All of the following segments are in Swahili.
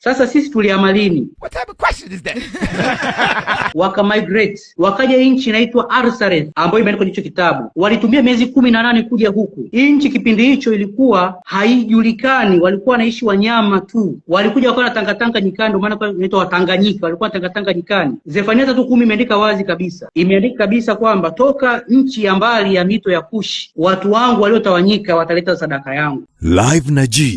Sasa sisi tulihama lini? What type of question is that? waka migrate wakaja nchi inaitwa Alsace ambayo imeandikwa hicho kitabu. Walitumia miezi kumi na nane kuja huku. Hii nchi kipindi hicho ilikuwa haijulikani, walikuwa wanaishi wanyama tu. Walikuja wakawa na tangatanga nyikani, ndio maana inaitwa Watanganyika, walikuwa na tangatanga nyikani. Zefania tatu kumi imeandika wazi kabisa, imeandika kabisa kwamba toka nchi ya mbali ya mito ya Kushi watu wangu waliotawanyika wataleta sadaka yangu. Live na G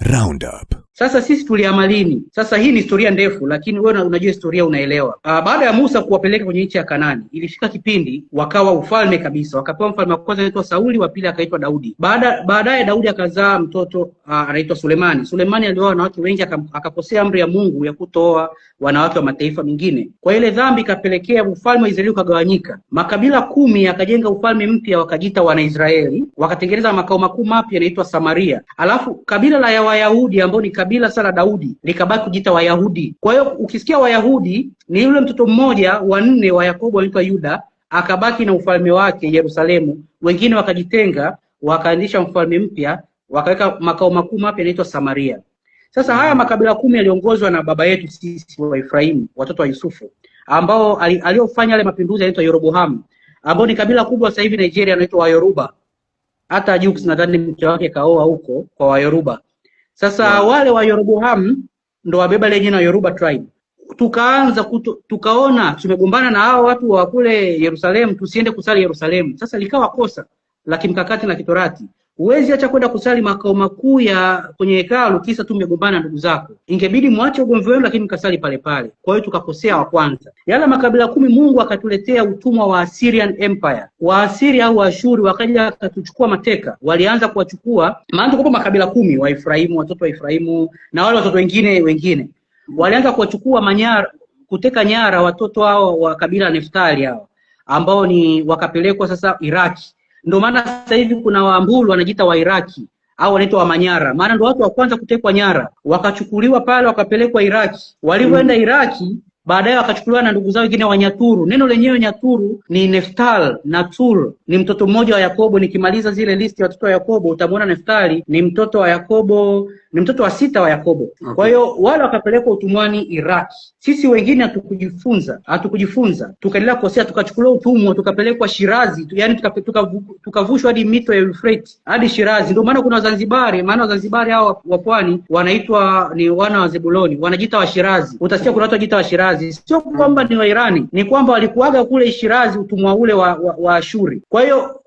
Roundup. Sasa sisi tuliama lini? Sasa hii ni historia ndefu, lakini wewe unajua historia unaelewa. Aa, ah, baada ya Musa kuwapeleka kwenye nchi ya Kanani, ilifika kipindi wakawa ufalme kabisa, wakapewa mfalme wa kwanza anaitwa Sauli, wa pili akaitwa Daudi. Baada baadaye Daudi akazaa mtoto ah, anaitwa Sulemani. Sulemani alioa wanawake wengi, akakosea amri ya Mungu ya kutoa wanawake wa mataifa mengine. Kwa ile dhambi ikapelekea ufalme wa Israeli ukagawanyika, makabila kumi yakajenga ufalme mpya, wakajita Wanaisraeli, wakatengeneza makao makuu mapya yanaitwa Samaria. Alafu kabila la Wayahudi ambao ni kabila sala Daudi likabaki kujita Wayahudi. Kwa hiyo ukisikia Wayahudi ni yule mtoto mmoja wa nne wa Yakobo anaitwa Yuda, akabaki na ufalme wake Yerusalemu, wengine wakajitenga, wakaanzisha mfalme mpya, wakaweka makao makuu mapya yanaitwa Samaria. Sasa haya makabila kumi yaliongozwa na baba yetu sisi Waefraimu, watoto wa Yusufu, ambao aliofanya yale mapinduzi yanaitwa Yeroboamu, ambao ni kabila kubwa sasa hivi Nigeria, anaitwa Wayoruba. Hata Jux nadhani mke wake kaoa huko kwa Wayoruba. Sasa yeah. wale wa yorobohamu ndo wabeba ile jina Yoruba tribe. Tukaanza kutu, tukaona tumegombana na hao watu wa kule Yerusalemu, tusiende kusali Yerusalemu. Sasa likawa kosa la kimkakati na kitorati Huwezi acha kwenda kusali makao makuu ya kwenye hekalu kisa tu mmegombana ndugu zako. Ingebidi mwache ugomvi wenu, lakini mkasali pale pale. Kwa hiyo tukakosea wa kwanza. Yala makabila kumi, Mungu akatuletea utumwa wa Assyrian Empire. Assyria au Ashuri wakaja akatuchukua mateka, walianza kuwachukua, maana tukopo makabila kumi, Waefraimu, watoto wa Efraimu na wale watoto wengine wengine, walianza kuwachukua manyara, kuteka nyara watoto hao wa kabila Neftali hao ambao ni wakapelekwa sasa Iraki ndio maana sasa hivi kuna Waambulu wanajiita Wairaki au wanaitwa Wamanyara, maana ndio watu wa kwanza kutekwa nyara, wakachukuliwa pale, wakapelekwa Iraki. Walivyoenda mm-hmm. Iraki baadaye wakachukuliwa na ndugu zao wengine Wanyaturu. Neno lenyewe Nyaturu ni Neftal na Tur ni mtoto mmoja wa Yakobo. Nikimaliza zile listi ya watoto wa Yakobo utamwona Neftali ni mtoto wa Yakobo ni mtoto wa sita wa Yakobo. Okay. Kwa hiyo wale wakapelekwa utumwani Iraki. Sisi wengine hatukujifunza, hatukujifunza, tukaendelea kukosea, tukachukuliwa utumwa, tukapelekwa Shirazi, yani tukavushwa tuka, tuka hadi mito ya Euphrates hadi Shirazi. Ndio maana kuna Wazanzibari, maana Wazanzibari hao wa pwani wanaitwa ni wana wa Zebuloni, wanajiita Washirazi. Utasikia kuna watu wanajiita Washirazi, sio kwamba ni Wairani, ni kwamba walikuaga kule Shirazi, utumwa ule wa, wa, wa Ashuri. Kwa hiyo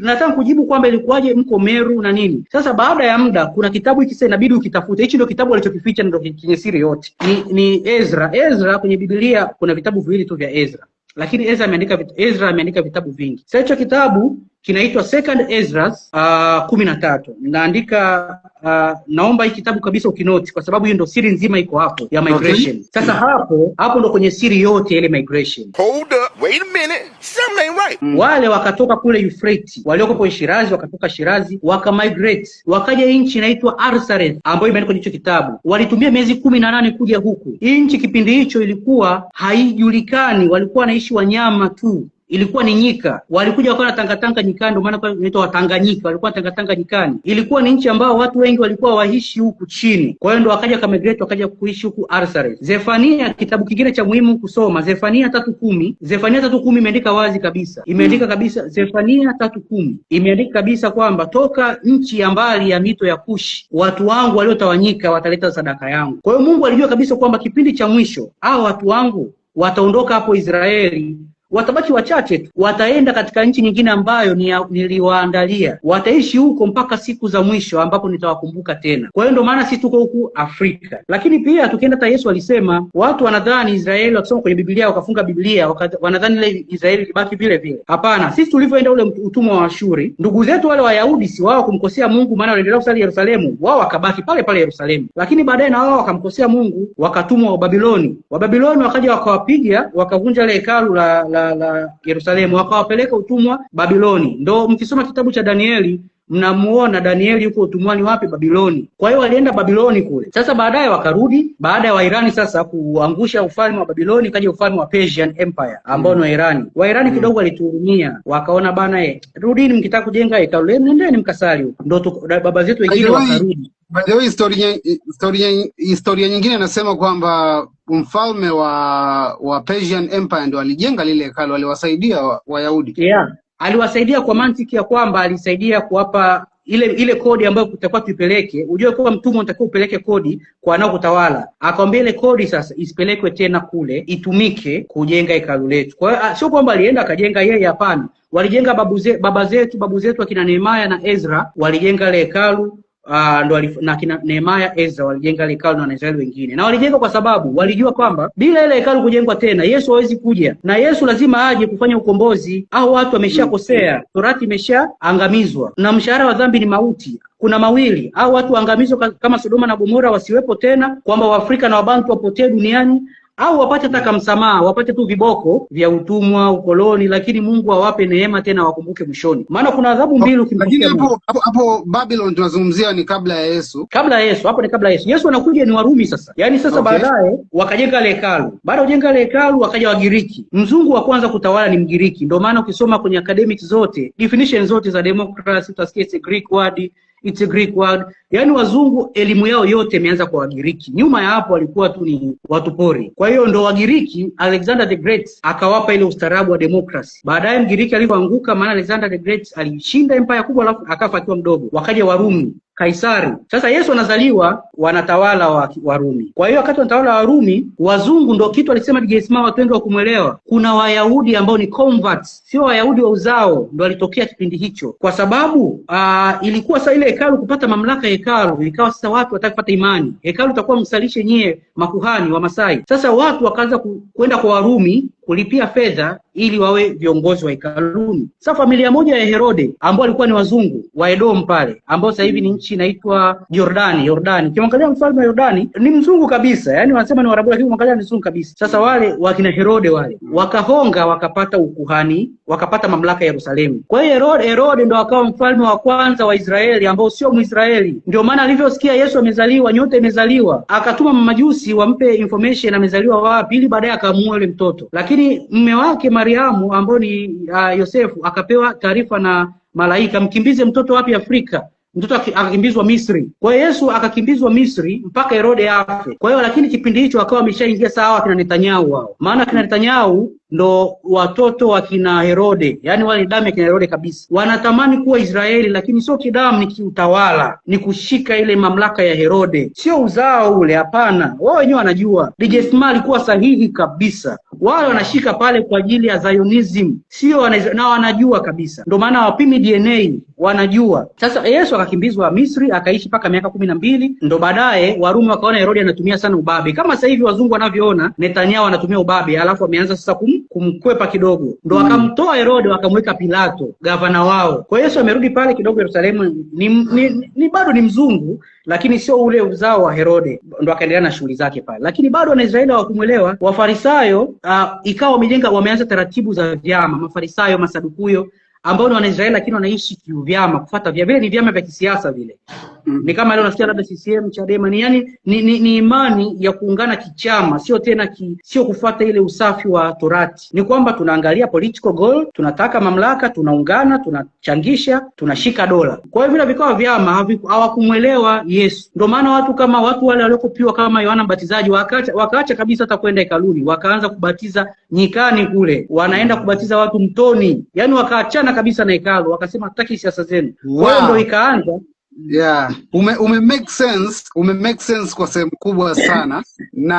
nataka kujibu kwamba ilikuwaje mko Meru na nini. Sasa baada ya muda, kuna kitabu hiki sasa inabidi ukitafute. Hichi ndio kitabu alichokificha, ndio chenye siri yote, ni, ni Ezra. Ezra kwenye Biblia kuna vitabu viwili tu vya Ezra, lakini Ezra ameandika Ezra ameandika vitabu vingi. Sasa hicho kitabu kinaitwa Second Esdras uh, kumi na tatu. Naandika uh, naomba hii kitabu kabisa ukinoti, kwa sababu hiyo ndo siri nzima iko hapo ya migration. Sasa hapo hapo ndo kwenye siri yote ile migration. Hold up, wait a minute, something ain't right. Mm. Wale wakatoka kule Euphrates walioko kwenye Shirazi, wakatoka Shirazi migrate wakaja nchi inaitwa Arsareth ambayo imeandikwa kwenye hicho kitabu. Walitumia miezi kumi na nane kuja huku. Hii nchi kipindi hicho ilikuwa haijulikani, walikuwa wanaishi wanyama tu ilikuwa ni nyika, walikuja wakawa na tangatanga nyikani, ndio maana inaitwa Watanganyika, walikuwa na tangatanga nyikani. Ilikuwa ni nchi ambao watu wengi walikuwa waishi huku chini, kwa hiyo ndo wakaja kamigrate, wakaja kuishi huku Arsares. Zefania, kitabu kingine cha muhimu kusoma, Zefania tatu kumi. Zefania tatu kumi imeandika wazi kabisa, imeandika kabisa, Zefania tatu kumi imeandika kabisa kwamba toka nchi ya mbali ya mito ya Kushi watu wangu waliotawanyika wataleta sadaka yangu. Kwa hiyo Mungu alijua kabisa kwamba kipindi cha mwisho hao watu wangu wataondoka hapo Israeli watabaki wachache tu, wataenda katika nchi nyingine ambayo niliwaandalia, wataishi huko mpaka siku za mwisho ambapo nitawakumbuka tena. Kwa hiyo ndio maana sisi tuko huku Afrika, lakini pia tukienda hata Yesu alisema, watu wanadhani Israeli wakisoma kwenye Biblia wakafunga Biblia wanadhani ile Israeli ilibaki vile vile. Hapana, sisi tulivyoenda ule utumwa wa Ashuri, ndugu zetu wale Wayahudi si wao kumkosea Mungu, maana waliendelea kusali Yerusalemu, wao wakabaki pale pale Yerusalemu, lakini baadaye na wao wakamkosea Mungu, wakatumwa Wababiloni. Wababiloni wakaja wakawapiga, wakavunja ile hekalu la, la la la Yerusalemu, wakawapeleka utumwa Babiloni. Ndo mkisoma kitabu cha Danieli mnamuona Danieli yuko utumwani wapi? Babiloni. Kwa hiyo walienda Babiloni kule. Sasa baadaye wakarudi, baada ya Wairani sasa kuangusha ufalme wa Babiloni, kaja ufalme wa Persian Empire ambao ni Wairani. Wairani mm. kidogo walituhurumia, wakaona bana, eh, rudini mkitaka kujenga hekalu nendeni eh, mkasali huko. Ndo baba zetu wengine wakarudi. historia historia historia nyingine nasema kwamba mfalme wa wa Persian Empire ndio alijenga lile hekalu, aliwasaidia Wayahudi wa yeah. Aliwasaidia kwa mantiki ya kwamba alisaidia kuwapa ile ile kodi ambayo kutakuwa tuipeleke. Ujue kwa mtumwa unatakiwa upeleke kodi kwa kutawala, Akamwambia ile kodi sasa isipelekwe tena kule, itumike kujenga hekalu letu. Kwa hiyo ah, sio kwamba alienda akajenga yeye, hapana, walijenga babu ze, baba zetu babu zetu akina Nehemia na Ezra walijenga ile hekalu uh, ndo na kina Nehemia, Ezra walijenga ile hekalu na Wanaisraeli wengine, na walijenga kwa sababu walijua kwamba bila ile hekalu kujengwa tena Yesu hawezi kuja, na Yesu lazima aje kufanya ukombozi, au watu wameshakosea, torati imeshaangamizwa na mshahara wa dhambi ni mauti kuna mawili au watu waangamizwe kama Sodoma na Gomora wasiwepo tena, kwamba Waafrika na Wabantu wapotee duniani, au wapate hata msamaha, wapate tu viboko vya utumwa, ukoloni, lakini Mungu awape neema tena wakumbuke mwishoni, maana kuna adhabu mbili. Ukimkumbuka hapo hapo Babylon tunazungumzia ni kabla ya Yesu, kabla ya Yesu, hapo ni kabla ya Yesu. Yesu anakuja ni Warumi sasa, yaani sasa okay. Baadaye wakajenga ile hekalu, baada ya kujenga ile hekalu wakaja Wagiriki. Mzungu wa kwanza kutawala ni Mgiriki, ndio maana ukisoma kwenye academics zote definition zote za democracy utasikia Greek word it's a Greek word. Yaani wazungu elimu yao yote imeanza kwa Wagiriki. Nyuma ya hapo walikuwa tu ni watu pori. Kwa hiyo ndo Wagiriki, Alexander the Great akawapa ile ustaarabu wa demokrasi. Baadaye Mgiriki alivyoanguka, maana Alexander the Great alishinda empire kubwa, alafu akafa akiwa mdogo. Wakaja Warumi Kaisari. Sasa Yesu anazaliwa wanatawala wa Warumi. Kwa hiyo wakati wanatawala wa Warumi, wazungu ndo kitu alisema Geismar, watu wengi wakumwelewa. Kuna Wayahudi ambao ni converts, sio Wayahudi wa uzao, ndo walitokea kipindi hicho, kwa sababu aa, ah, ilikuwa sasa ile hekalu kupata mamlaka ya hekalu, ilikawa sasa watu wataka kupata imani, hekalu itakuwa msalishe nyie makuhani wa Masai. Sasa watu wakaanza ku, kwenda kwa Warumi kulipia fedha ili wawe viongozi wa hekaluni. Sasa familia moja ya Herode ambao walikuwa ni wazungu wa Edomu pale, ambao sasa hivi ni nchi inaitwa Jordani. Jordani, ukiangalia mfalme wa Jordani ni mzungu kabisa, yani wanasema ni Warabu, lakini ukiangalia ni mzungu kabisa. Sasa wale wakina Herode wale wakahonga, wakapata ukuhani, wakapata mamlaka ya Yerusalemu. Kwa hiyo Herode, Herode ndo akawa mfalme wa kwanza wa Israeli ambao sio Mwisraeli. Ndio maana alivyosikia Yesu amezaliwa, nyota imezaliwa, akatuma mamajusi wampe information amezaliwa wapi, ili baadaye akamuua yule mtoto lakini lakini mme wake Mariamu ambaye ni uh, Yosefu akapewa taarifa na malaika, mkimbize mtoto wapi Afrika mtoto akakimbizwa Misri. Kwa hiyo Yesu akakimbizwa Misri mpaka Herode afe. Kwa hiyo lakini kipindi hicho akawa ameshaingia sawa kina Netanyahu wao, maana kina Netanyahu ndo watoto wa kina Herode, yaani wale damu ya kina Herode kabisa. Wanatamani kuwa Israeli, lakini sio kidamu, ni kiutawala, ni kushika ile mamlaka ya Herode, sio uzao ule. Hapana, wao wenyewe wanajua. DJ Sma alikuwa sahihi kabisa wao wanashika pale kwa ajili ya Zionism, sio na wanajua kabisa, ndio maana wapimi DNA wanajua. Sasa Yesu akakimbizwa Misri akaishi mpaka miaka kumi na mbili, ndo baadaye Warumi wakaona Herodi anatumia sana ubabe, kama sasa hivi wazungu wanavyoona Netanyahu anatumia ubabe, alafu ameanza sasa kum, kumkwepa kidogo, ndo wakamtoa hmm. Herodi wakamweka Pilato gavana wao. Kwa Yesu amerudi pale kidogo Yerusalemu, ni, ni, ni bado ni mzungu lakini sio ule uzao wa Herode, ndo akaendelea na shughuli zake pale, lakini bado Wanaisraeli hawakumwelewa Wafarisayo uh, ikawa wamejenga wameanza taratibu za vyama, Mafarisayo, Masadukuyo ambao ni Wanaisraeli lakini wanaishi kiuvyama, kufuata vya vile ni vyama vya kisiasa vile. Mm. Ni kama leo nasikia labda CCM, Chadema ni yani ni, ni, ni imani ya kuungana kichama, sio tena ki, sio kufuata ile usafi wa Torati. Ni kwamba tunaangalia political goal, tunataka mamlaka, tunaungana, tunachangisha, tunashika dola. Kwa hiyo vile vikao vyama hawakumwelewa Yesu. Ndio maana watu kama watu wale waliokopiwa kama Yohana Mbatizaji wakaacha, wakaacha kabisa hata kwenda hekaluni, wakaanza kubatiza nyikani kule, wanaenda kubatiza watu mtoni, yani wakaacha kabisa na hekalu, wakasema hataki siasa zenu. Kwa hiyo ndo ikaanza Yeah. Ume, ume make sense, ume make sense kwa sehemu kubwa sana na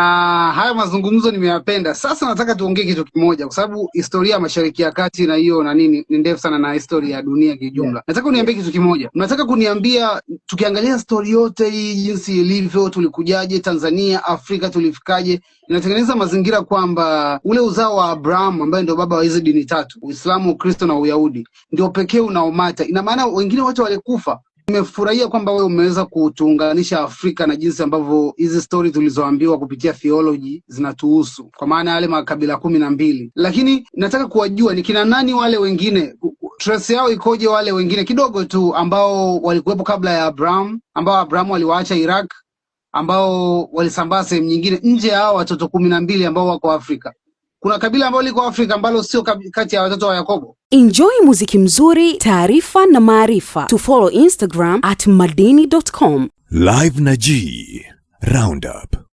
haya mazungumzo nimeyapenda. Sasa nataka tuongee kitu kimoja kwa sababu historia ya Mashariki ya Kati na hiyo na nini ni ndefu sana na historia ya dunia kijumla. Yeah. Nataka uniambie kitu kimoja. Nataka kuniambia tukiangalia story yote hii jinsi ilivyo, tulikujaje Tanzania, Afrika tulifikaje? Inatengeneza mazingira kwamba ule uzao wa Abraham ambaye ndio baba wa hizi dini tatu, Uislamu, Ukristo na Uyahudi ndio pekee unaomata. Ina maana wengine wote walikufa Nimefurahia kwamba wewe umeweza kutuunganisha Afrika na jinsi ambavyo hizi stori tulizoambiwa kupitia theology zinatuhusu, kwa maana yale makabila kumi na mbili, lakini nataka kuwajua ni kina nani wale wengine trace yao ikoje? Wale wengine kidogo tu ambao walikuwepo kabla ya Abraham, ambao Abraham waliwaacha Iraq, ambao walisambaa sehemu nyingine nje ya hao watoto kumi na mbili ambao wako Afrika kuna kabila ambalo liko Afrika ambalo sio kati ya watoto wa Yakobo. Enjoy muziki mzuri, taarifa na maarifa. To follow Instagram at madini.com. Live na G Roundup.